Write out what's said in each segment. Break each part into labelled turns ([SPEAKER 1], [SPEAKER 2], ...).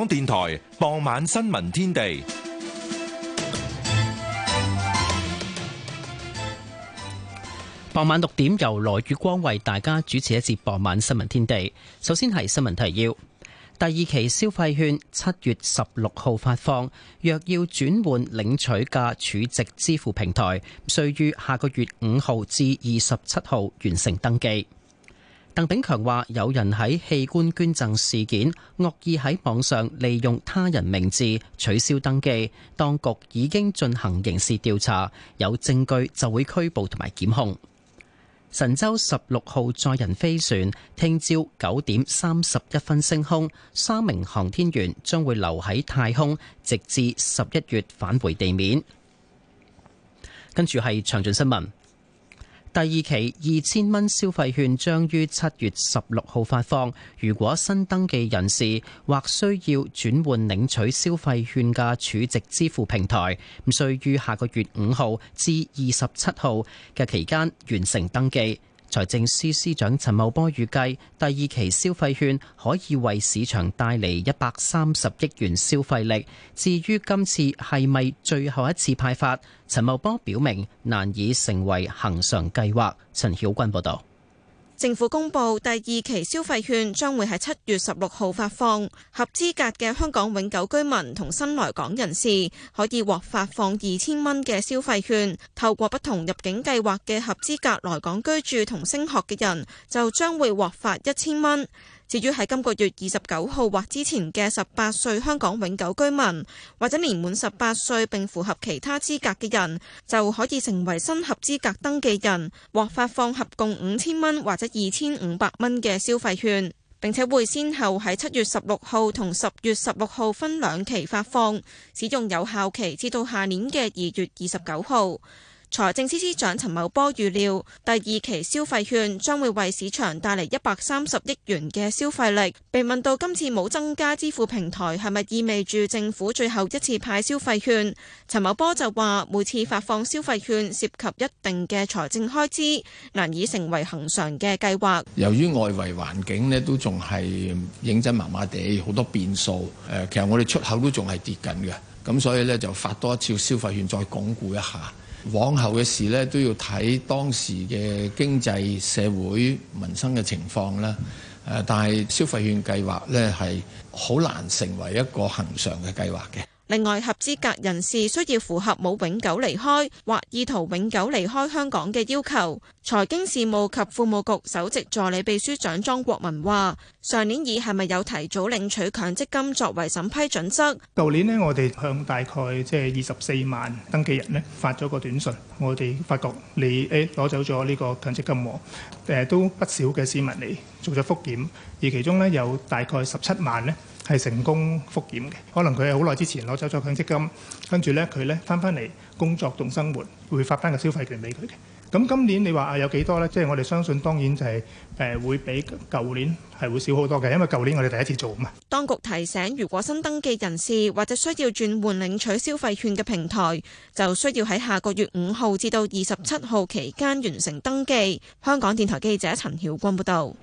[SPEAKER 1] 香港電台傍晚新聞天地，
[SPEAKER 2] 傍晚六點由羅宇光為大家主持一節傍晚新聞天地。首先係新聞提要，第二期消費券七月十六號發放，若要轉換領取嘅儲值支付平台，須於下個月五號至二十七號完成登記。鄧炳強話：有人喺器官捐贈事件惡意喺網上利用他人名字取消登記，當局已經進行刑事調查，有證據就會拘捕同埋檢控。神舟十六號載人飛船聽朝九點三十一分升空，三名航天員將會留喺太空，直至十一月返回地面。跟住係詳盡新聞。第二期二千蚊消費券將於七月十六號發放，如果新登記人士或需要轉換領取消費券嘅儲值支付平台，須於下個月五號至二十七號嘅期間完成登記。財政司司長陳茂波預計，第二期消費券可以為市場帶嚟一百三十億元消費力。至於今次係咪最後一次派發，陳茂波表明難以成為恆常計劃。陳曉君報道。
[SPEAKER 3] 政府公布第二期消費券將會喺七月十六號發放，合資格嘅香港永久居民同新來港人士可以獲發放二千蚊嘅消費券。透過不同入境計劃嘅合資格來港居住同升學嘅人，就將會獲發一千蚊。至於喺今個月二十九號或之前嘅十八歲香港永久居民，或者年滿十八歲並符合其他資格嘅人，就可以成為新合資格登記人，獲發放合共五千蚊或者二千五百蚊嘅消費券，並且會先後喺七月十六號同十月十六號分兩期發放，使用有效期至到下年嘅二月二十九號。財政司司長陳茂波預料，第二期消費券將會為市場帶嚟一百三十億元嘅消費力。被問到今次冇增加支付平台係咪意味住政府最後一次派消費券，陳茂波就話：每次發放消費券涉及一定嘅財政開支，難以成為恒常嘅計劃。
[SPEAKER 4] 由於外圍環境呢
[SPEAKER 5] 都仲係認真麻麻地，好多變數。誒、呃，其實我哋出口都仲係跌緊嘅，咁所以呢，就發多一次消費券，再鞏固一下。往後嘅事咧，都要睇當時嘅經濟、社會、民生嘅情況啦。誒，
[SPEAKER 4] 但係消費券計劃咧係好難成為一個恒常嘅計劃嘅。
[SPEAKER 3] 另外，合資格人士需要符合冇永久離開或意圖永久離開香港嘅要求。財經事務及庫務局首席助理秘書長莊國文話：上年以係咪有提早領取強積金作為審批準則？
[SPEAKER 6] 舊年呢，我哋向大概即係二十四萬登記人呢發咗個短信，我哋發覺你誒攞走咗呢個強積金喎，都不少嘅市民嚟做咗復檢，而其中呢，有大概十七萬呢。係成功復檢嘅，可能佢係好耐之前攞走咗強積金，跟住呢佢呢翻翻嚟工作同生活，會發翻個消費券俾佢嘅。咁今年你話啊有幾多呢？即係我哋相信當然就係誒會比舊年係會少好多嘅，因為舊年我哋第一次做嘛。
[SPEAKER 3] 當局提醒，如果新登記人士或者需要轉換領取消費券嘅平台，就需要喺下個月五號至到二十七號期間完成登記。香港電台記者陳曉君報道。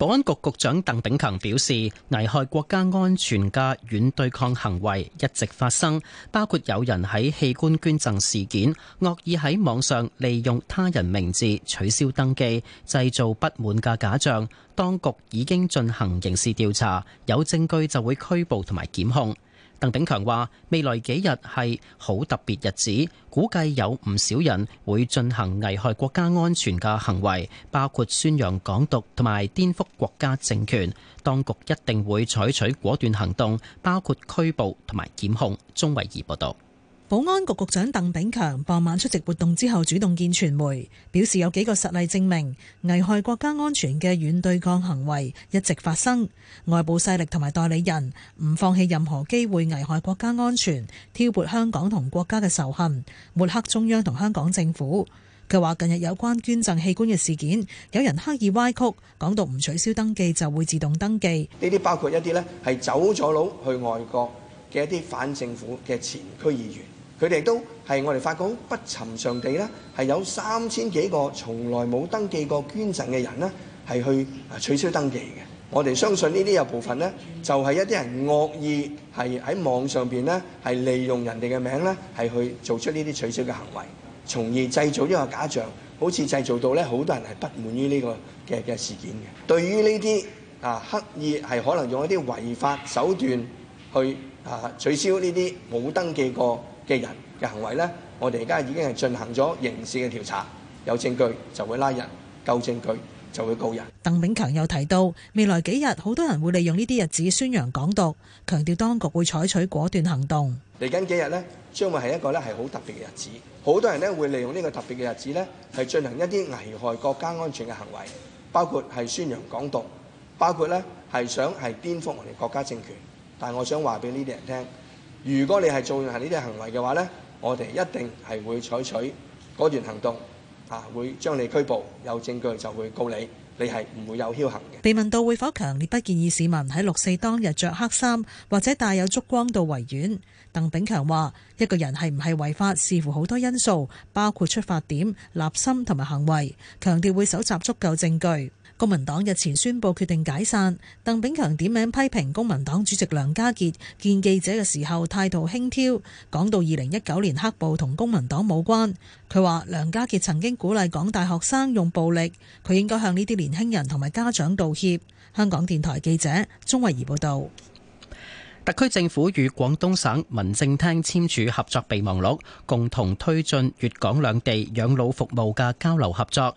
[SPEAKER 2] 保安局局長鄧炳強表示，危害國家安全嘅軟對抗行為一直發生，包括有人喺器官捐贈事件惡意喺網上利用他人名字取消登記，製造不滿嘅假象。當局已經進行刑事調查，有證據就會拘捕同埋檢控。鄧炳強話：未來幾日係好特別日子，估計有唔少人會進行危害國家安全嘅行為，包括宣揚港獨同埋顛覆國家政權，當局一定會採取果斷行動，包括拘捕同埋檢控。鐘偉儀報道。
[SPEAKER 7] 保安局局長鄧炳強傍晚出席活動之後主動見傳媒，表示有幾個實例證明危害國家安全嘅軟對抗行為一直發生，外部勢力同埋代理人唔放棄任何機會危害國家安全，挑撥香港同國家嘅仇恨，抹黑中央同香港政府。佢話近日有關捐贈器官嘅事件，有人刻意歪曲，講到唔取消登記就會自動登記。
[SPEAKER 5] 呢啲包括一啲咧係走咗佬去外國嘅一啲反政府嘅前區議員。佢哋都係我哋發覺好不尋常地啦，係有三千幾個從來冇登記過捐贈嘅人咧，係去啊取消登記嘅。我哋相信呢啲有部分咧，就係一啲人惡意係喺網上邊咧，係利用人哋嘅名咧，係去做出呢啲取消嘅行為，從而製造呢個假象，好似製造到咧好多人係不滿於呢個嘅嘅事件嘅。對於呢啲啊，刻意係可能用一啲違法手段去啊取消呢啲冇登記過嘅人嘅行為咧，我哋而家已經係進行咗刑事嘅調查，有證據就會拉人，夠證據就會告人。
[SPEAKER 7] 鄧炳強又提到，未來幾日好多人會利用呢啲日子宣揚港獨，強調當局會採取果斷行動，
[SPEAKER 5] 嚟緊幾日咧，將會係一個咧係好特別嘅日子，好多人咧會利用呢個特別嘅日子咧，係進行一啲危害國家安全嘅行為，包括係宣揚港獨，包括咧係想係顛覆我哋國家政權，但係我想話俾呢啲人聽。如果你係做係呢啲行為嘅話咧，我哋一定係會採取嗰段行動，啊會將你拘捕，有證據就會告你，你係唔會有僥倖嘅。被
[SPEAKER 7] 問到會否強烈不建議市民喺六四當日著黑衫或者帶有燭光到維園，鄧炳強話一個人係唔係違法視乎好多因素，包括出發點、立心同埋行為，強調會搜集足夠證據。公民黨日前宣布決定解散，鄧炳強點名批評公民黨主席梁家傑見記者嘅時候態度輕佻，講到二零一九年黑暴同公民黨冇關。佢話梁家傑曾經鼓勵港大學生用暴力，佢應該向呢啲年輕人同埋家長道歉。香港電台記者鍾慧儀報道。
[SPEAKER 2] 特區政府與廣東省民政廳簽署合作備忘錄，共同推進粵港兩地養老服務嘅交流合作。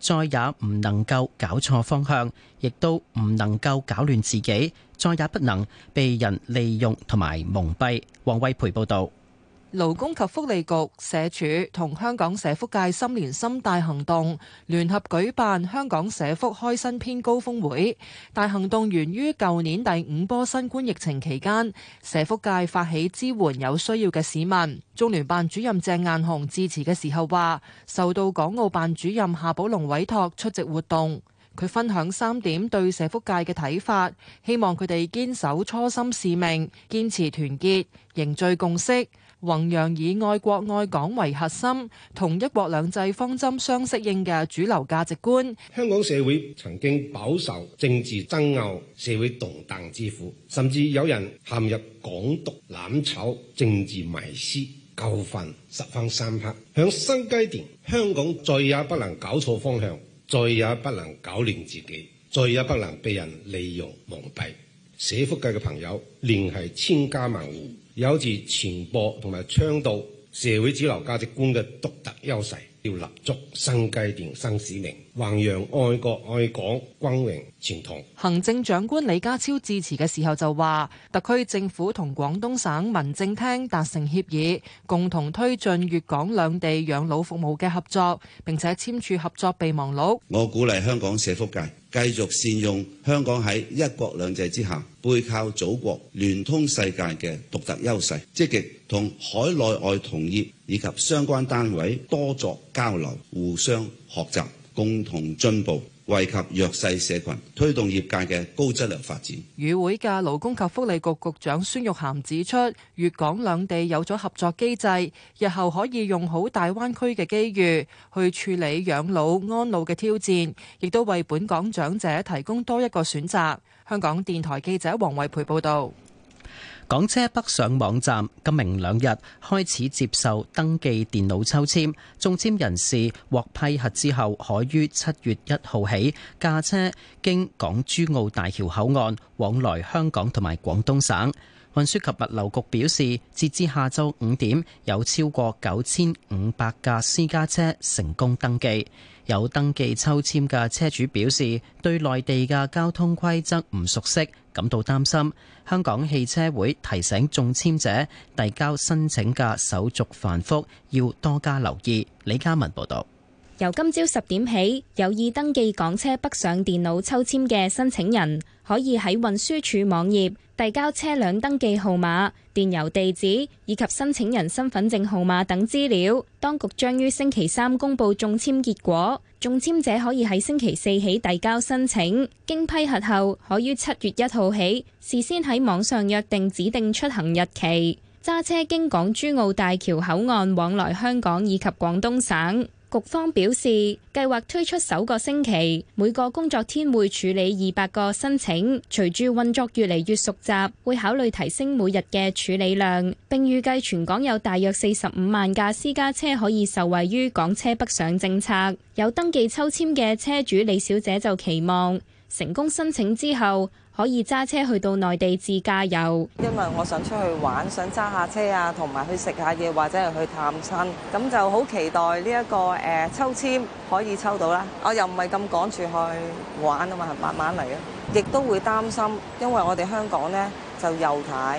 [SPEAKER 2] 再也唔能夠搞錯方向，亦都唔能夠搞亂自己，再也不能被人利用同埋蒙蔽。黃惠培報道。
[SPEAKER 8] 勞工及福利局社署同香港社福界心連心大行動聯合舉辦香港社福開新篇高峰會。大行動源於舊年第五波新冠疫情期間，社福界發起支援有需要嘅市民。中聯辦主任鄭雁雄致辭嘅時候話，受到港澳辦主任夏寶龍委託出席活動。佢分享三點對社福界嘅睇法，希望佢哋堅守初心使命，堅持團結，凝聚共識，弘揚以愛國愛港為核心、同一國兩制方針相適應嘅主流價值觀。香
[SPEAKER 9] 港社會曾經飽受政治爭拗、社會動盪之苦，甚至有人陷入港獨、攬炒、政治迷思，教訓十分深刻。喺新階段，香港再也不能搞錯方向，再也不能搞亂自己，再也不能被人利用蒙蔽。社福界嘅朋友，聯繫千家萬戶。有住傳播同埋倡導社會主流價值觀嘅獨特優勢。要立足新階段新使命，弘揚愛國愛港、光榮傳統。
[SPEAKER 8] 行政長官李家超致辭嘅時候就話，特區政府同廣東省民政廳達成協議，共同推進粵港兩地養老服務嘅合作，並且簽署合作備忘錄。
[SPEAKER 1] 我鼓勵香港社福界繼續善用香港喺一國兩制之下背靠祖國、聯通世界嘅獨特優勢，積極同海內外同業。以及相關單位多作交流，互相學習，共同進步，惠及弱勢社群，推動業界嘅高質量發展。
[SPEAKER 8] 與會嘅勞工及福利局局長孫玉菡指出，粵港兩地有咗合作機制，日後可以用好大灣區嘅機遇去處理養老安老嘅挑戰，亦都為本港長者提供多一個選擇。香港電台記者黃惠培報道。
[SPEAKER 2] 港車北上網站今明兩日開始接受登記電腦抽籤，中籤人士獲批核之後可於，可於七月一號起駕車經港珠澳大橋口岸往來香港同埋廣東省。運輸及物流局表示，截至下晝五點，有超過九千五百架私家車成功登記。有登記抽籤嘅車主表示，對內地嘅交通規則唔熟悉，感到擔心。香港汽車會提醒中籤者遞交申請嘅手續繁複，要多加留意。李家文報道。
[SPEAKER 10] 由今朝十點起，有意登記港車北上電腦抽籤嘅申請人，可以喺運輸署網頁。遞交車輛登記號碼、電郵地址以及申請人身份證號碼等資料。當局將於星期三公布中簽結果，中簽者可以喺星期四起遞交申請，經批核後可於七月一號起事先喺網上約定指定出行日期，揸車經港珠澳大橋口岸往來香港以及廣東省。局方表示，計劃推出首個星期，每個工作天會處理二百個申請，隨住運作越嚟越熟習，會考慮提升每日嘅處理量。並預計全港有大約四十五萬架私家車可以受惠於港車北上政策。有登記抽籤嘅車主李小姐就期望成功申請之後。可以揸車去到內地自駕
[SPEAKER 11] 遊，因為我想出去玩，想揸下車啊，同埋去食下嘢或者係去探親，咁就好期待呢一個誒抽籤可以抽到啦。我又唔係咁趕住去玩啊嘛，慢慢嚟吖。亦都會擔心，因為我哋香港呢就右軚，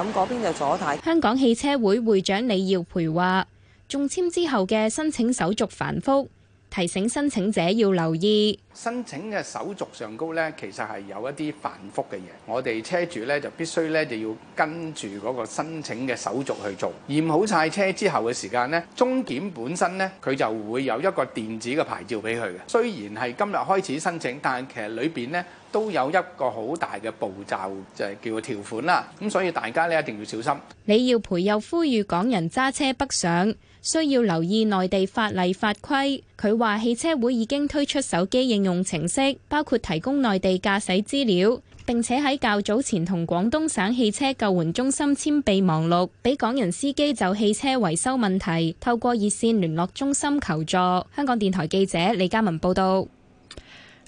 [SPEAKER 11] 咁嗰邊就左軚。
[SPEAKER 10] 香港汽車會會長李耀培話：中籤之後嘅申請手續繁複。提醒申請者要留意
[SPEAKER 5] 申請嘅手續上高咧，其實係有一啲繁複嘅嘢。我哋車主咧就必須咧就要跟住嗰個申請嘅手續去做，驗好晒車之後嘅時間呢，中檢本身咧佢就會有一個電子嘅牌照俾佢嘅。雖然係今日開始申請，但係其實裏邊咧都有一個好大嘅步驟，就係叫做條款啦。咁所以大家咧一定要小心。
[SPEAKER 10] 李耀培又呼籲港人揸車北上，需要留意內地法例法規。佢話汽車會已經推出手機應用程式，包括提供內地駕駛資料，並且喺較早前同廣東省汽車救援中心簽備忘錄，俾港人司機就汽車維修問題透過熱線聯絡中心求助。香港電台記者李嘉文報道。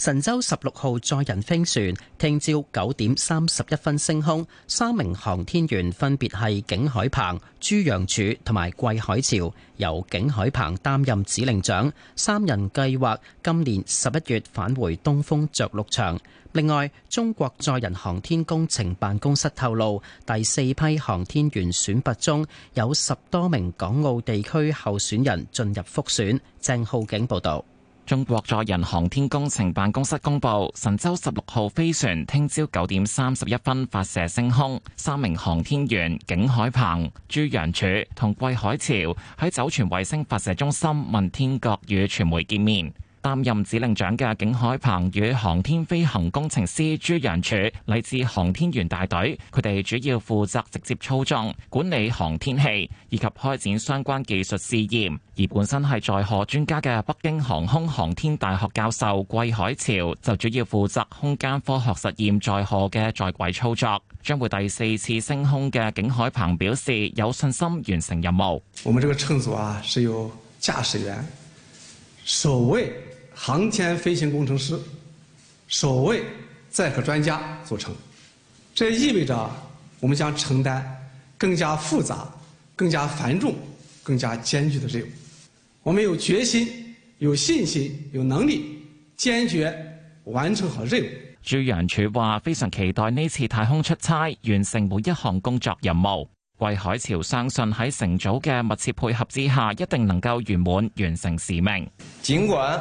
[SPEAKER 2] 神舟十六號載人飛船聽朝九點三十一分升空，三名航天員分別係景海鵬、朱楊柱同埋桂海潮，由景海鵬擔任指令長。三人計劃今年十一月返回東風着陸場。另外，中國載人航天工程辦公室透露，第四批航天員選拔中有十多名港澳地區候選人進入複選。鄭浩景報道。中國載人航天工
[SPEAKER 4] 程辦公室公布，神舟十六號飛船聽朝九點三十一分發射升空，三名航天員景海鵬、朱楊柱同桂海潮喺酒泉衛星發射中心問天閣與傳媒見面。擔任指令長嘅景海鵬與航天飛行工程師朱楊柱嚟自航天員大隊，佢哋主要負責直接操縱、管理航天器以及開展相關技術試驗。而本身係載荷專家嘅北京航空航天大學教授桂海潮就主要負責空間科學實驗載荷嘅在軌操作。將會第四次升空嘅景海鵬表示有信心完成任務。
[SPEAKER 5] 我們這個乘組啊，是由駕駛員、首位。航天飛行工程師、首位載荷專家組成，這意味着我們將承擔更加複雜、更加繁重、更加艱巨的任務。我們有決心、有信心、有能力，堅決
[SPEAKER 4] 完成好任務。朱楊柱話：非常期待呢次太空出差，完成每一項工作任務。桂海潮相信喺乘組嘅密切配合之下，一定能夠圓滿完成使命。
[SPEAKER 6] 儘管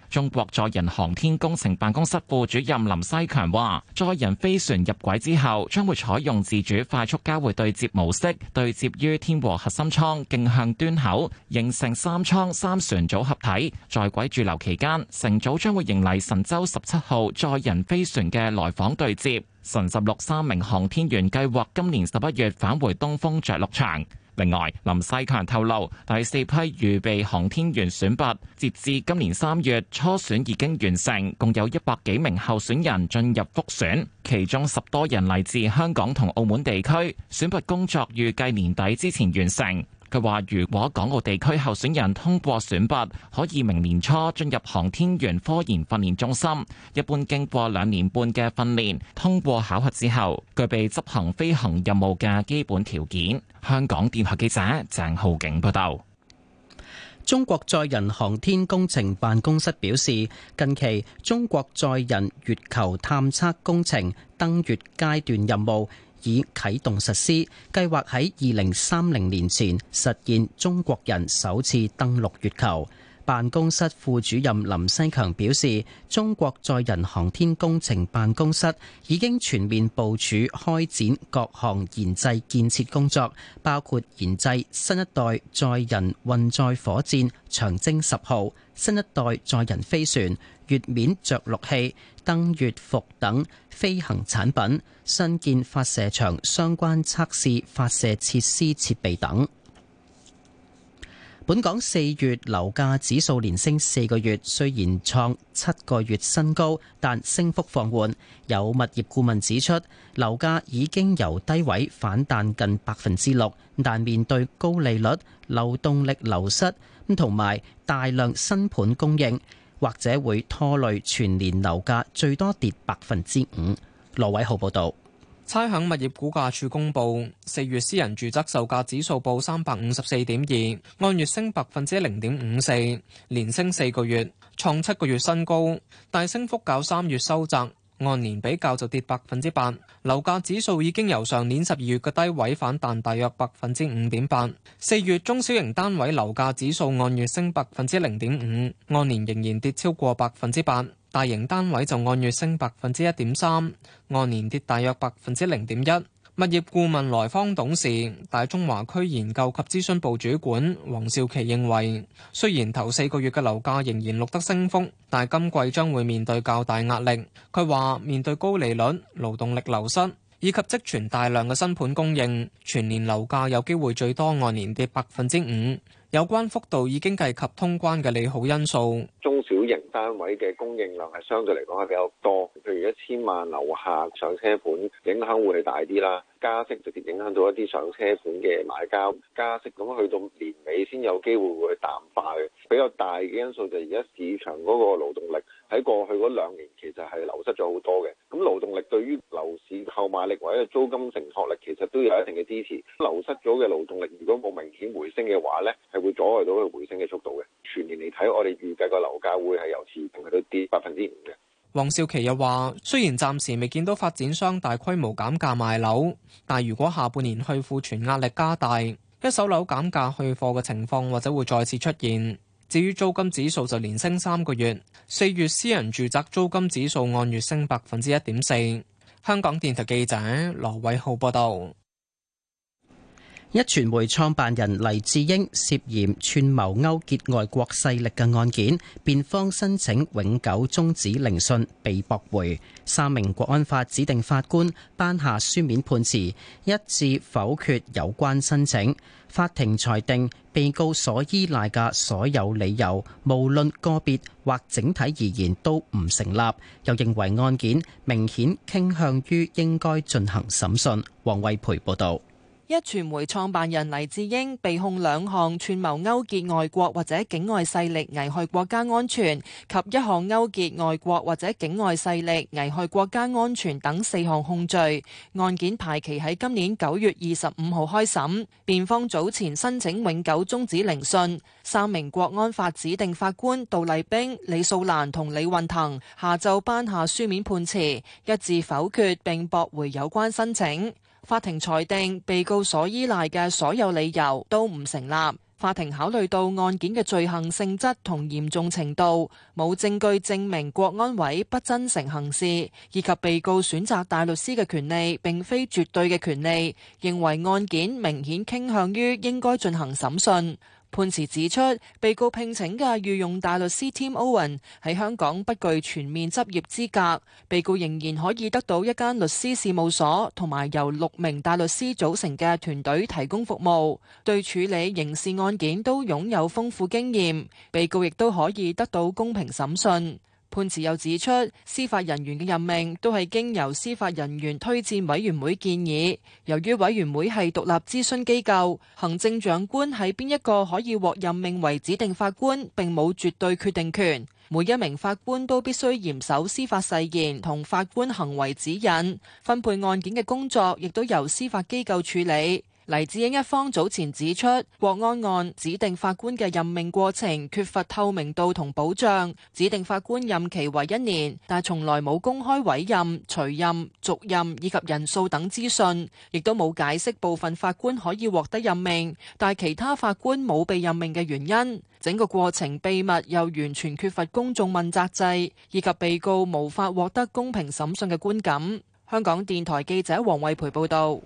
[SPEAKER 4] 中國載人航天工程辦公室副主任林西強話，載人飛船入軌之後，將會採用自主快速交會對接模式，對接於天和核心艙徑向端口，形成三艙三,三船組合體。在軌駐留期間，成組將會迎嚟神舟十七號載人飛船嘅來訪對接。神十六三名航天員計劃今年十一月返回東風着陸場。另外，林西強透露，第四批預備航天員選拔截至今年三月初選已經完成，共有一百幾名候選人進入複選，其中十多人嚟自香港同澳門地區。選拔工作預計年底之前完成。佢話：如果港澳地區候選人通過選拔，可以明年初進入航天員科研訓練中心。一般經過兩年半嘅訓練，通過考核之後，具備執行飛行任務
[SPEAKER 2] 嘅基本條件。香港電台記者鄭浩景報道。中國載人航天工程辦公室表示，近期中國載人月球探測工程登月階段任務已啟動實施，計劃喺二零三零年前實現中國人首次登陸月球。辦公室副主任林西強表示，中國載人航天工程辦公室已經全面部署開展各項研製建設工作，包括研製新一代載人運載火箭長征十號、新一代載人飛船、月面着陸器、登月服等飛行產品、新建發射場相關測試發射設施設備等。本港四月樓價指數連升四個月，雖然創七個月新高，但升幅放緩。有物業顧問指出，樓價已經由低位反彈近百分之六，但面對高利率、流動力流失，同埋大量新盤供應。或者會拖累全年樓價最多跌百分之五。羅偉浩報導，差餉物業估價署公布
[SPEAKER 6] 四月私人住宅售價指數報三百五十四點二，按月升百分之零點五四，連升四個月，創七個月新高，大升幅較三月收窄。按年比較就跌百分之八，樓價指數已經由上年十二月嘅低位反彈大約百分之五點八。四月中小型單位樓價指數按月升百分之零點五，按年仍然跌超過百分之八。大型單位就按月升百分之一點三，按年跌大約百分之零點一。物業顧問萊坊董事、大中華區研究及諮詢部主管黃少琪認為，雖然頭四個月嘅樓價仍然錄得升幅，但今季將會面對較大壓力。佢話，面對高利率、勞動力流失以及積存大量嘅新盤供應，全年樓價有機會最多按年跌百分之五。有關幅度已經計及通關嘅利好因素，
[SPEAKER 9] 中小型單位嘅供應量係相對嚟講係比較多，譬如一千萬樓下上車盤，影響會係大啲啦。加息直接影響到一啲上車盤嘅買家，加息咁去到年尾先有機會會淡化。比較大嘅因素就係而家市場嗰個勞動力。喺過去嗰兩年，其實係流失咗好多嘅。咁勞動力對於樓市購買力或者租金承托力，其實都有一定嘅支持。流失咗嘅勞動力，如果冇明顯回升嘅話呢，係會阻礙到佢回升嘅速度嘅。全年嚟睇，我哋預計個樓價會係由持平去到跌百分之五嘅。
[SPEAKER 6] 黃少琪又話：雖然暫時未見到發展商大規模減價賣樓，但如果下半年去庫存壓力加大，一手樓減價去貨嘅情況或者會再次出現。至於租金指數就連升三個月，四月私人住宅租金指數按月升百分之一點四。香港電台記者羅偉浩報道。
[SPEAKER 2] 一傳媒創辦人黎智英涉嫌串謀勾結外國勢力嘅案件，辯方申請永久終止聆訊被駁回。三名國安法指定法官頒下書面判詞，一致否決有關申請。法庭裁定被告所依賴嘅所有理由，無論個別或整體而言都唔成立。又認為案件明顯傾向於應該進行審訊。黃衛培報道。
[SPEAKER 8] 一傳媒創辦人黎智英被控兩項串謀勾結外國或者境外勢力危害國家安全及一項勾結外國或者境外勢力危害國家安全等四項控罪，案件排期喺今年九月二十五號開審。辯方早前申請永久終止聆訊，三名國安法指定法官杜麗冰、李素蘭同李運騰下晝頒下書面判詞，一致否決並駁回有關申請。法庭裁定被告所依賴嘅所有理由都唔成立。法庭考慮到案件嘅罪行性質同嚴重程度，冇證據證明國安委不真誠行事，以及被告選擇大律師嘅權利並非絕對嘅權利，認為案件明顯傾向於應該進行審訊。判詞指出，被告聘請嘅御用大律師 Tim Owen 喺香港不具全面執業資格，被告仍然可以得到一間律師事務所同埋由六名大律師組成嘅團隊提供服務，對處理刑事案件都擁有豐富經驗，被告亦都可以得到公平審訊。判詞又指出，司法人員嘅任命都係經由司法人員推薦委員會建議。由於委員會係獨立諮詢機構，行政長官喺邊一個可以獲任命為指定法官，並冇絕對決定權。每一名法官都必須嚴守司法誓言同法官行為指引。分配案件嘅工作亦都由司法機構處理。黎智英一方早前指出，國安案指定法官嘅任命過程缺乏透明度同保障。指定法官任期為一年，但係從來冇公開委任、除任、續任以及人數等資訊，亦都冇解釋部分法官可以獲得任命，但其他法官冇被任命嘅原因。整個過程秘密又完全缺乏公眾問責制，以及被告無法獲得公平審訊嘅觀感。香港電台記者黃慧培報道。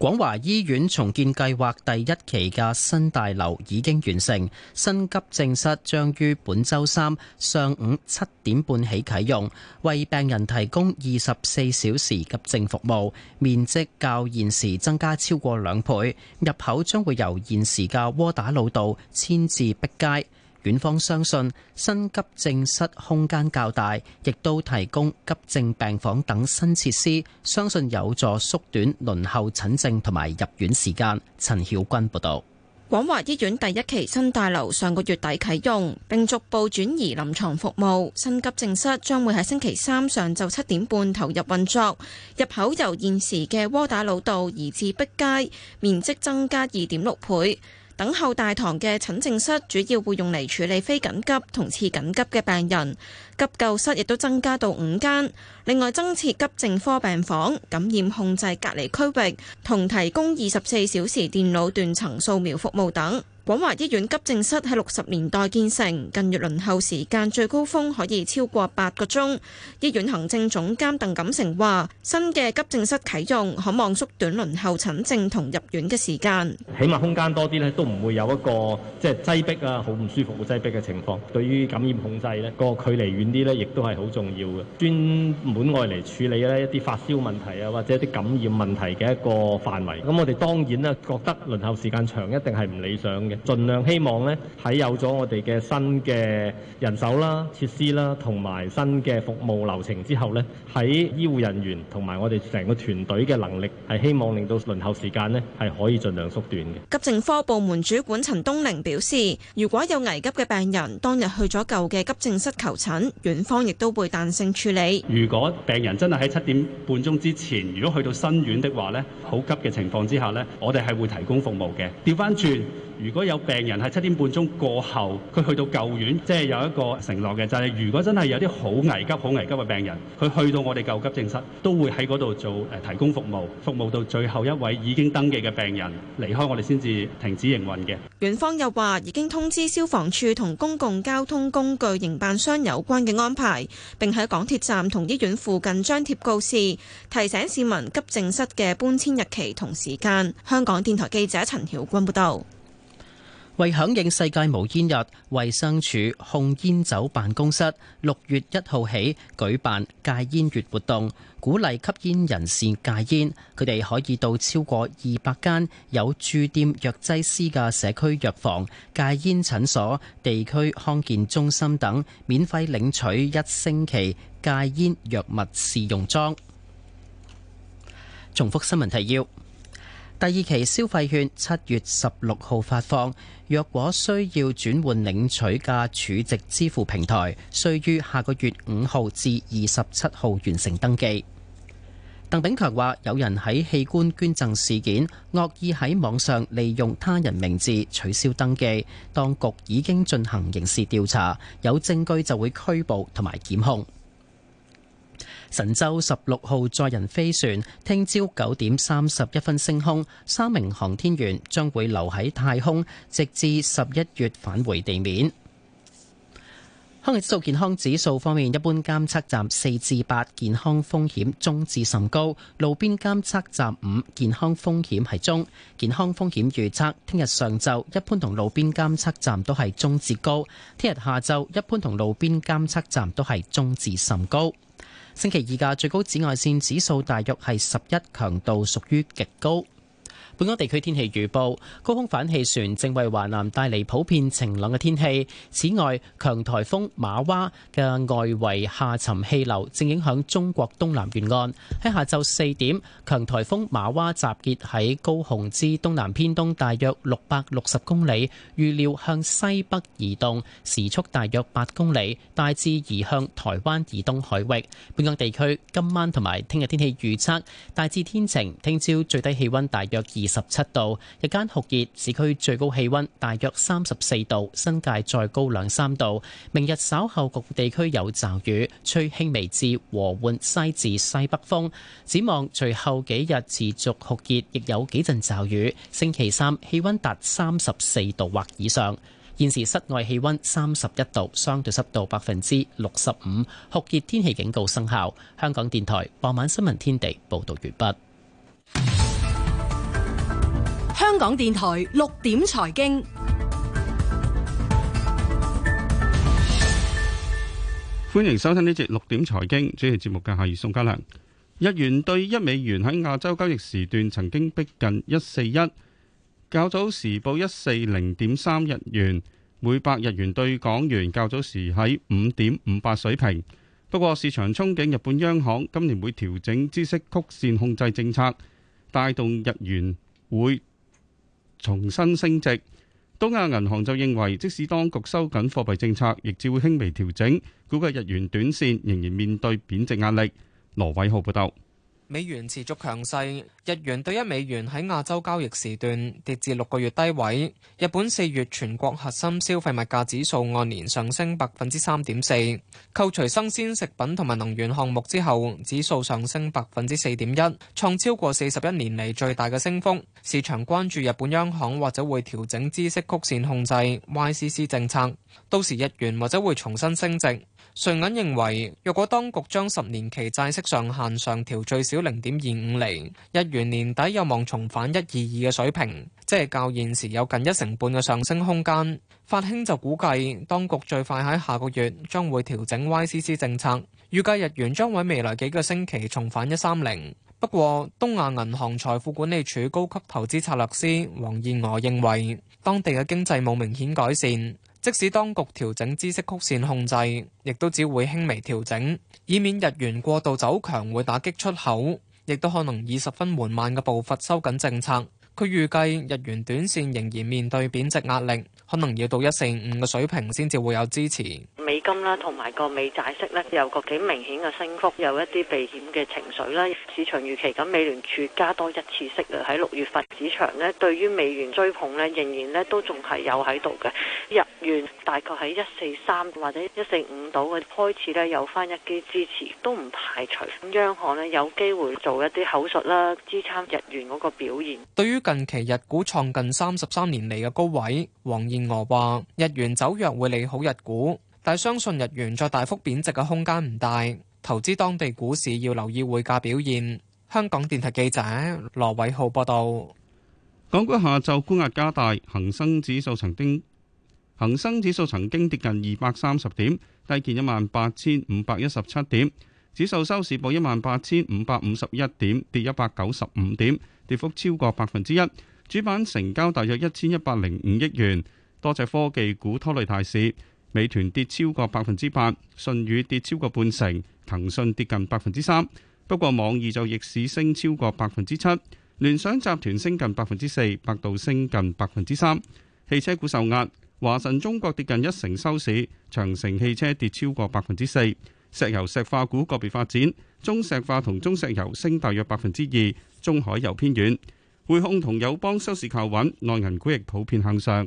[SPEAKER 2] 廣華醫院重建計劃第一期嘅新大樓已經完成，新急症室將於本周三上午七點半起啟用，為病人提供二十四小時急症服務，面積較現時增加超過兩倍，入口將會由現時嘅窩打老道遷至碧街。院方相信新急症室空間較大，亦都提供急症病房等新設施，相信有助縮短輪候診症同埋入院時間，陳曉君報道。
[SPEAKER 3] 廣華醫院第一期新大樓上個月底啟用，並逐步轉移臨床服務，新急症室將會喺星期三上晝七點半投入運作，入口由現時嘅窩打老道移至碧街，面積增加二點六倍。等候大堂嘅診症室主要會用嚟處理非緊急同次緊急嘅病人，急救室亦都增加到五間。另外，增設急症科病房、感染控制隔離區域，同提供二十四小時電腦斷層掃描服務等。廣華醫院急症室喺六十年代建成，近月輪候時間最高峰可以超過八個鐘。醫院行政總監鄧錦成話：新嘅急症室啟用，可望縮短輪候診症同入院嘅時間。
[SPEAKER 12] 起碼空間多啲呢，都唔會有一個即係、就是、擠逼啊，好唔舒服好擠逼嘅情況。對於感染控制呢，個距離遠啲呢，亦都係好重要嘅。專門外嚟處理呢一啲發燒問題啊，或者一啲感染問題嘅一個範圍。咁我哋當然咧覺得輪候時間長一定係唔理想。儘量希望咧喺有咗我哋嘅新嘅人手啦、設施啦，同埋新嘅服務流程之後咧，喺醫護人員同埋我哋成個團隊嘅能力，係希望令到輪候時間咧係可以儘量縮短嘅。
[SPEAKER 3] 急症科部門主管陳東寧表示，如果有危急嘅病人當日去咗舊嘅急症室求診，院方亦都會彈性處理。
[SPEAKER 1] 如果病人真係喺七點半鐘之前，如果去到新院的話呢，好急嘅情況之下呢，我哋係會提供服務嘅。調翻轉，如果如果有病人係七點半鐘過後，佢去到舊院，即係有一個承諾嘅，就係如果真係有啲好危急、好危急嘅病人，佢去到我哋救急症室，都會喺嗰度做誒提供服務，服務到最後一位已經登記嘅病人離開，我哋先至停止營運嘅。
[SPEAKER 3] 院方又話已經通知消防處同公共交通工具營辦商有關嘅安排，並喺港鐵站同醫院附近張貼告示，提醒市民急症室嘅搬遷日期同時
[SPEAKER 2] 間。香港電台記者陳曉君報導。為響應世界無煙日，衛生署控煙酒辦公室六月一號起舉辦戒煙月活動，鼓勵吸煙人士戒煙。佢哋可以到超過二百間有駐店藥劑師嘅社區藥房、戒煙診所、地區康健中心等，免費領取一星期戒煙藥物試用裝。重複新聞提要。第二期消費券七月十六號發放，若果需要轉換領取嘅儲值支付平台，需於下個月五號至二十七號完成登記。鄧炳強話：有人喺器官捐贈事件惡意喺網上利用他人名字取消登記，當局已經進行刑事調查，有證據就會拘捕同埋檢控。神舟十六號載人飛船聽朝九點三十一分升空，三名航天員將會留喺太空，直至十一月返回地面。空氣質素健康指數方面，一般監測站四至八，健康風險中至甚高；路邊監測站五，健康風險係中。健康風險預測：聽日上晝一般同路邊監測站都係中至高；聽日下晝一般同路邊監測站都係中至甚高。星期二嘅最高紫外線指數大約係十一，強度屬於極高。本港地區天氣預報，高空反氣旋正為華南帶嚟普遍晴朗嘅天氣，此外，強台風瑪娃嘅外圍下沉氣流正影響中國東南沿岸。喺下晝四點，強台風瑪娃集結喺高雄之東南偏東大約六百六十公里，預料向西北移動，時速大約八公里，大致移向台灣以東海域。本港地區今晚同埋聽日天氣預測，大致天晴，聽朝最低氣温大約二。十七度，日間酷熱，市區最高氣溫大約三十四度，新界再高兩三度。明日稍後，局部地區有驟雨，吹輕微至和緩西至西北風。展望隨後幾日持續酷熱，亦有幾陣驟雨。星期三氣溫達三十四度或以上。現時室外氣溫三十一度，相對濕度百分之六十五，酷熱天氣警告生效。香港電台傍晚新聞天地報道完畢。
[SPEAKER 8] 香港電台六點財經，
[SPEAKER 1] 歡迎收聽呢節六點財經，主持節目嘅係宋家良。日元對一美元喺亞洲交易時段曾經逼近一四一，較早時報一四零點三日元，每百日元對港元較早時喺五點五八水平。不過市場憧憬日本央行今年會調整知識曲線控制政策，帶動日元會重新升值。東亞銀行就認為，即使當局收緊貨幣政策，亦只會輕微調整。估計日元短線仍然面對貶值壓力。羅偉浩報道。
[SPEAKER 6] 美元持續強勢，日元對一美元喺亞洲交易時段跌至六個月低位。日本四月全國核心消費物價指數按年上升百分之三點四，扣除生鮮食品同埋能源項目之後，指數上升百分之四點一，創超過四十一年嚟最大嘅升幅。市場關注日本央行或者會調整孳息曲線控制 YCC 政策，到時日元或者會重新升值。瑞銀認為，若果當局將十年期債息上限上調最少零點二五厘，日元年底有望重返一二二嘅水平，即係較現時有近一成半嘅上升空間。法興就估計，當局最快喺下個月將會調整 YCC 政策，預計日元將喺未來幾個星期重返一三零。不過，東亞銀行財富管理處高級投資策略師黃燕娥認為，當地嘅經濟冇明顯改善。即使當局調整孳息曲線控制，亦都只會輕微調整，以免日元過度走強會打擊出口，亦都可能以十分緩慢嘅步伐收緊政策。佢預計日元短線仍然面對貶值壓力。可能要到一四五嘅水平先至會有支持，
[SPEAKER 8] 美金啦，同埋個美債息咧，有個幾明顯嘅升幅，有一啲避險嘅情緒啦。市場預期咁，美聯儲加多一次息啊，喺六月份市場咧，對於美元追捧咧，仍然咧都仲係有喺度嘅。日元大概喺一四三或者一四五度嘅開始咧，有翻一啲支持，都唔排除。央行咧有機會做一啲口述啦，支撐日元嗰個表現。
[SPEAKER 6] 對於近期日股創近三十三年嚟嘅高位，黃我話日元走弱會利好日股，但相信日元再大幅貶值嘅空間唔大。投資當地股市要留意匯價表現。香港電台記者羅偉浩報道，
[SPEAKER 1] 港股下晝沽額加大，恒生指數曾經恒生指數曾經跌近二百三十點，低見一萬八千五百一十七點，指數收市報一萬八千五百五十一點，跌一百九十五點，跌幅超過百分之一。主板成交大約一千一百零五億元。多隻科技股拖累大市，美團跌超過百分之八，舜宇跌超過半成，騰訊跌近百分之三。不過，網易就逆市升超過百分之七，聯想集團升近百分之四，百度升近百分之三。汽車股受壓，華晨中國跌近一成收市，長城汽車跌超過百分之四。石油石化股個別發展，中石化同中石油升大約百分之二，中海油偏軟。匯控同友邦收市靠穩，內銀股亦普遍向上。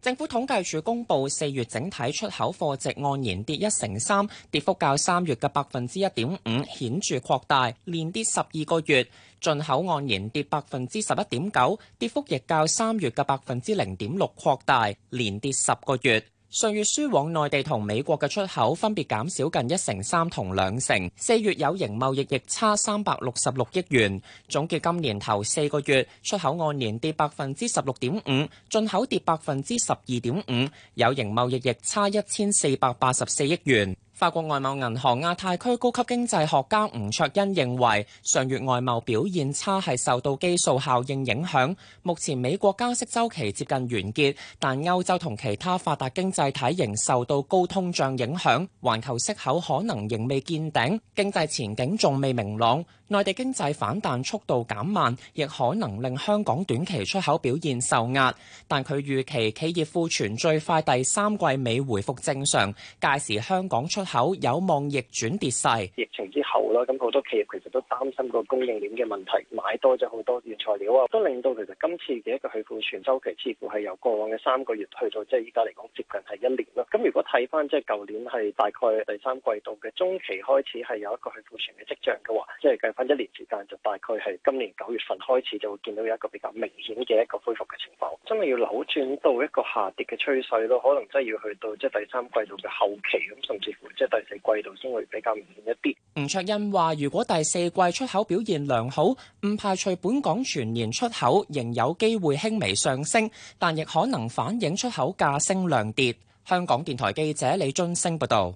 [SPEAKER 12] 政府統計處公布四月整體出口貨值按年跌一成三，跌幅較三月嘅百分之一點五顯著擴大，連跌十二個月；進口按年跌百分之十一點九，跌幅亦較三月嘅百分之零點六擴大，連跌十個月。上月輸往內地同美國嘅出口分別減少近一成三同兩成，四月有形貿易逆差三百六十六億元，總結今年頭四個月出口按年跌百分之十六點五，進口跌百分之十二點五，有形貿易逆差一千四百八十四億元。法國外貿銀行亞太區高級經濟學家吳卓恩認為，上月外貿表現差係受到基數效應影響。目前美國加息週期接近完結，但歐洲同其他發達經濟體仍受到高通脹影響，環球息口可能仍未見頂，經濟前景仲未明朗。內地經濟反彈速度減慢，亦可能令香港短期出口表現受壓。但佢預期企業庫存最快第三季尾回復正常，屆時香港出有望逆轉跌勢，疫情
[SPEAKER 9] 之後啦，咁好多企業其實都擔心個供應鏈嘅問題，買多咗好多原材料啊，都令到其實今次嘅一個去庫存週期，似乎係由過往嘅三個月去到即係依家嚟講接近係一年啦。咁如果睇返即係舊年係大概第三季度嘅中期開始係有一個去庫存嘅跡象嘅話，即係計返一年時間就大概係今年九月份開始就會見到有一個比較明顯嘅一個恢復嘅情況。真係要扭轉到一個下跌嘅趨勢咯，可能真係要去到即係第三季度嘅後期咁，甚至乎。即第四季度先會比較明顯
[SPEAKER 12] 一啲。吳卓恩話，如果第四季出口表現良好，唔排除本港全年出口仍有機會輕微上升，但亦可能反映出口價升量跌。香港電台記者李津升報道。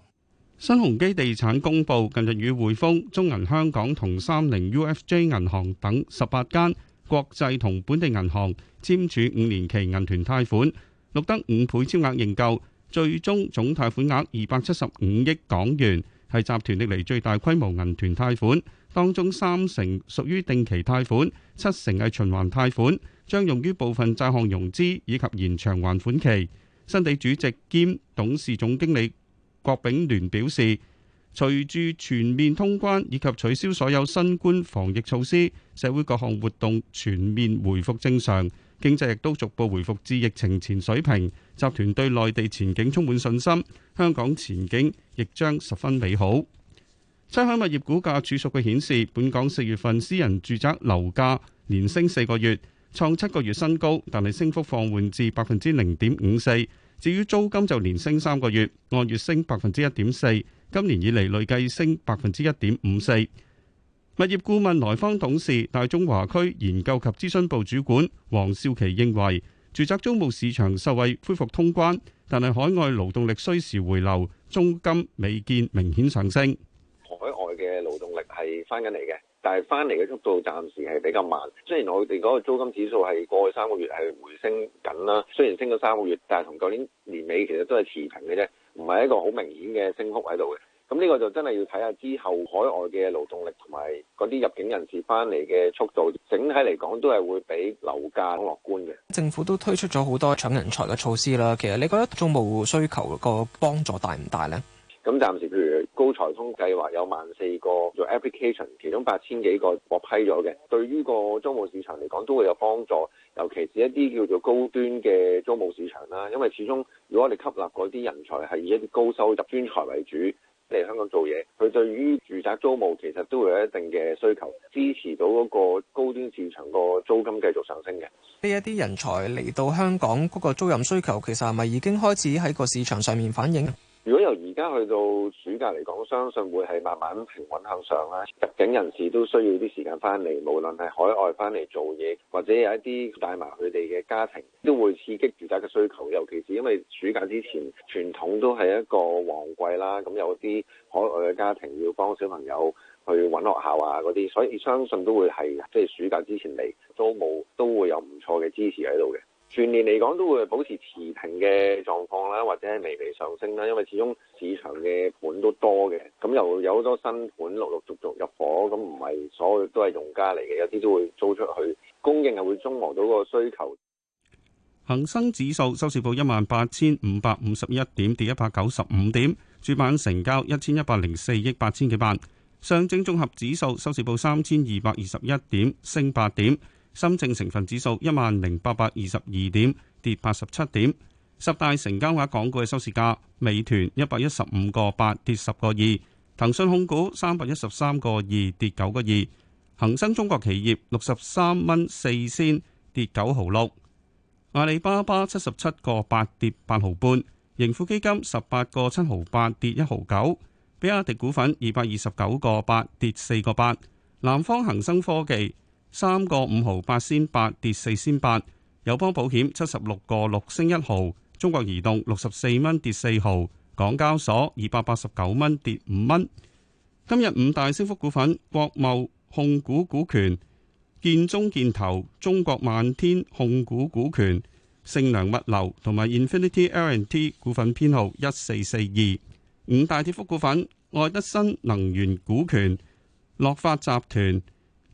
[SPEAKER 1] 新鴻基地產公布，近日與匯豐、中銀香港同三菱 UFJ 銀行等十八間國際同本地銀行簽署五年期銀團貸款，錄得五倍超額認購。最終總貸款額二百七十五億港元，係集團歷嚟最大規模銀團貸款，當中三成屬於定期貸款，七成係循環貸款，將用於部分債項融資以及延長還款期。新地主席兼董事總經理郭炳聯表示，隨住全面通關以及取消所有新冠防疫措施，社會各項活動全面回復正常。經濟亦都逐步回復至疫情前水平，集團對內地前景充滿信心，香港前景亦將十分美好。香港物業股價數據顯示，本港四月份私人住宅樓價連升四個月，創七個月新高，但係升幅放緩至百分之零點五四。至於租金就連升三個月，按月升百分之一點四，今年以嚟累計升百分之一點五四。物業顧問來方董事，大中華區研究及諮詢部主管黃少奇認為，住宅租務市場受惠恢復通關，但係海外勞動力需時回流，租金未見明顯上升。
[SPEAKER 9] 海外嘅勞動力係返緊嚟嘅，但係返嚟嘅速度暫時係比較慢。雖然我哋嗰個租金指數係過去三個月係回升緊啦，雖然升咗三個月，但係同舊年年尾其實都係持平嘅啫，唔係一個好明顯嘅升幅喺度嘅。咁呢個就真係要睇下之後海外嘅勞動力同埋嗰啲入境人士翻嚟嘅速度，整體嚟講都係會比樓價樂觀嘅。
[SPEAKER 6] 政府都推出咗好多搶人才嘅措施啦。其實你覺得租務需求個幫助大唔大咧？
[SPEAKER 9] 咁、嗯、暫時譬如高才通計劃有萬四個做 application，其中八千幾個獲批咗嘅。對於個租務市場嚟講都會有幫助，尤其是一啲叫做高端嘅租務市場啦。因為始終如果你吸納嗰啲人才係以一啲高收入專才為主。嚟香港做嘢，佢對於住宅租務其實都會有一定嘅需求，支持到嗰個高端市場個租金繼續上升嘅。
[SPEAKER 6] 呢一啲人才嚟到香港，嗰、那個租賃需求其實係咪已經開始喺個市場上面反
[SPEAKER 11] 映？
[SPEAKER 9] 如果由而家去到暑假嚟講，相信會係慢慢平穩向上啦。入境人士都需要啲時間翻嚟，無論係海外翻嚟做嘢，或者有一啲帶埋佢哋嘅家庭，都會刺激住宅嘅需求。尤其是因為暑假之前，傳統都係一個旺季啦。咁有啲海外嘅家庭要幫小朋友去揾學校啊嗰啲，所以相信都會係即係暑假之前嚟都冇都會有唔錯嘅支持喺度嘅。全年嚟講都會保持持平嘅狀況啦，或者係微微上升啦，因為始終市場嘅盤都多嘅，咁又有好多新盤陸陸續續入夥，咁唔係所有都係用家嚟嘅，有啲都會租出去，供應係會中和到個需
[SPEAKER 1] 求。恆生指數收市報一萬八千五百五十一點，跌一百九十五點，主板成交一千一百零四億八千幾萬。上證綜合指數收市報三千二百二十一點，升八點。深證成分指數一萬零八百二十二點，跌八十七點。十大成交額港股嘅收市價：美團一百一十五個八，跌十個二；騰訊控股三百一十三個二，跌九個二；恒生中國企業六十三蚊四仙，跌九毫六；阿里巴巴七十七個八，跌八毫半；盈富基金十八個七毫八，跌一毫九；比亞迪股份二百二十九個八，跌四個八；南方恒生科技。三個五毫八先八跌四先八。友邦保險七十六個六升一毫，中國移動六十四蚊跌四毫，港交所二百八十九蚊跌五蚊。今日五大升幅股份：國貿控股股權、建中建投、中國萬天控股股權、盛良物流同埋 Infinity L&T n 股份編號一四四二。五大跌幅股份：愛德新能源股權、樂發集團、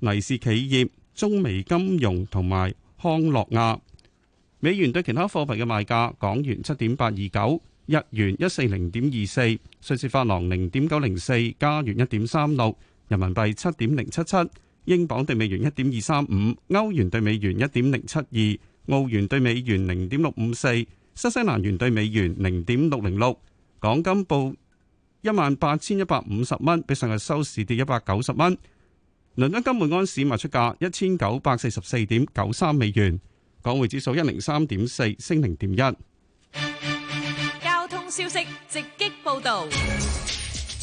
[SPEAKER 1] 尼斯企業、中美金融同埋康樂亞。美元對其他貨幣嘅賣價：港元七點八二九，日元一四零點二四，瑞士法郎零點九零四，加元一點三六，人民幣七點零七七，英鎊對美元一點二三五，歐元對美元一點零七二，澳元對美元零點六五四，新西蘭元對美元零點六零六。港金報一萬八千一百五十蚊，比上日收市跌一百九十蚊。倫敦金每安士賣出價一千九百四十四點九三美元，港匯指數一零三點四升零點一。
[SPEAKER 8] 交通消息直擊報道，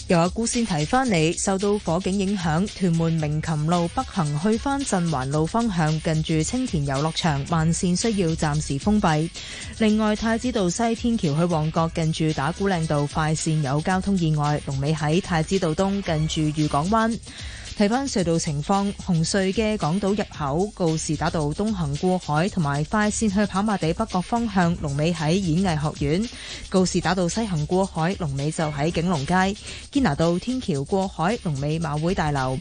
[SPEAKER 11] 由阿姑先提翻你。受到火警影響，屯門鳴琴路北行去翻震寰路方向，近住青田遊樂場慢線需要暫時封閉。另外，太子道西天橋去旺角近住打鼓嶺道快線有交通意外，龍尾喺太子道東近住御港灣。睇翻隧道情況，紅隧嘅港島入口告士打道東行過海，同埋快線去跑馬地北角方向龍尾喺演藝學院；告士打道西行過海龍尾就喺景隆街；堅拿道天橋過海龍尾馬會大樓；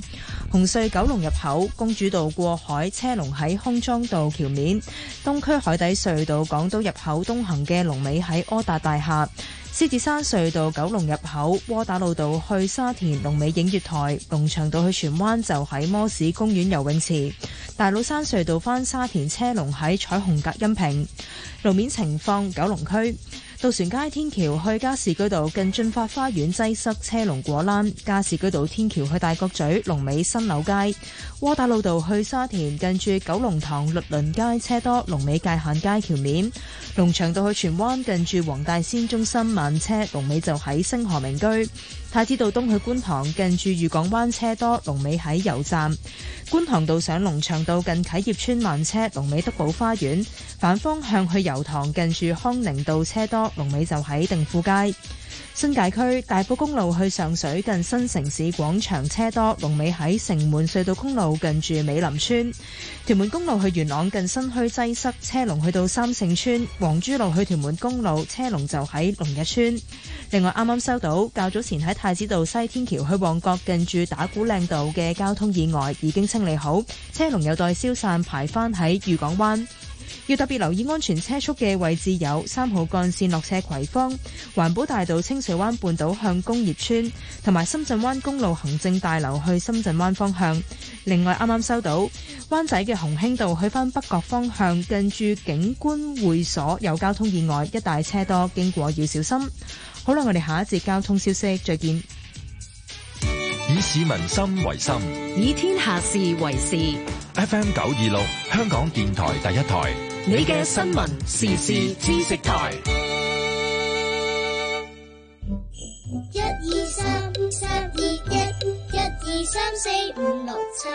[SPEAKER 11] 紅隧九龍入口公主道過海車龍喺康莊道橋面；東區海底隧道港島入口東行嘅龍尾喺柯達大廈。獅子山隧道九龍入口，窩打老道去沙田龍尾影月台，龍翔道去荃灣就喺摩士公園游泳池，大老山隧道返沙田車龍喺彩虹隔音屏。路面情況，九龍區。渡船街天橋去加士居道近駿發花園擠塞車龍果欄；加士居道天橋去大角咀、龍尾新柳街；窩打老道去沙田近住九龍塘律倫街車多，龍尾界限街橋面；龍翔道去荃灣近住黃大仙中心慢車，龍尾就喺星河名居。太子道東去觀塘，近住愉港灣車多，龍尾喺油站；觀塘道上龍翔道近啟業村慢車，龍尾德寶花園。反方向去油塘，近住康寧道車多，龍尾就喺定富街。新界區大埔公路去上水，近新城市廣場車多，龍尾喺城門隧道公路近住美林村。屯門公路去元朗，近新墟擠塞，車龍去到三聖村。黃珠路去屯門公路，車龍就喺龍日村。另外，啱啱收到較早前喺。太子道西天橋去旺角近住打鼓嶺道嘅交通意外已經清理好，車龍有待消散，排翻喺愉港灣。要特別留意安全車速嘅位置有三號幹線落斜葵芳、環保大道清水灣半島向工業村，同埋深圳灣公路行政大樓去深圳灣方向。另外，啱啱收到灣仔嘅鴻興道去翻北角方向，近住警官會所有交通意外，一帶車多，經過要小心。好啦，我哋下一節交通消息再見。
[SPEAKER 9] 以市民心為心，以天下事為事。F M 九二六，香港電台第一台。你嘅新聞，時事知識台。一二三，三二一，
[SPEAKER 6] 一二三四
[SPEAKER 10] 五六
[SPEAKER 7] 七。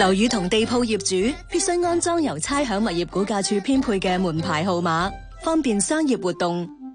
[SPEAKER 7] 樓宇同地鋪業主必須安裝由差餉物業估價處編配嘅門牌號碼，方便商業活動。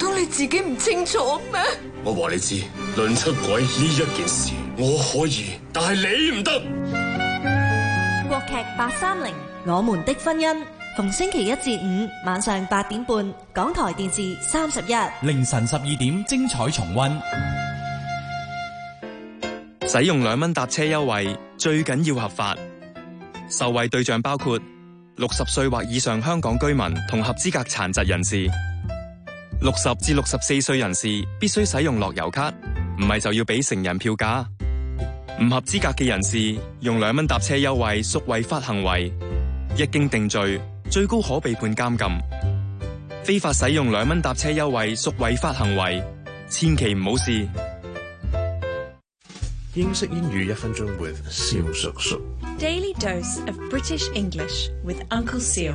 [SPEAKER 11] 到你自己唔清楚咩？
[SPEAKER 6] 我話你知，論出軌呢一件事，我可以，
[SPEAKER 3] 但係你唔得。
[SPEAKER 8] 國劇八三零，我們的婚姻，逢星期一至五晚上八點半，
[SPEAKER 7] 港台電視三十一
[SPEAKER 6] 凌晨十二點精彩重溫。使用兩蚊搭車優惠，最緊要合法，受惠對象包括六十歲或以上香港居民同合資格殘疾人士。六十至六十四歲人士必須使用樂悠咭，唔係就要俾成人票價。唔合資格嘅人士用兩蚊搭車優惠屬違法行為，一經定罪，最高可被判監禁。非法使用兩蚊搭車優惠屬違法行為，千祈唔好試。
[SPEAKER 1] 英式英語一分鐘 with 蕭叔叔。
[SPEAKER 3] Daily dose of British English with Uncle Seal。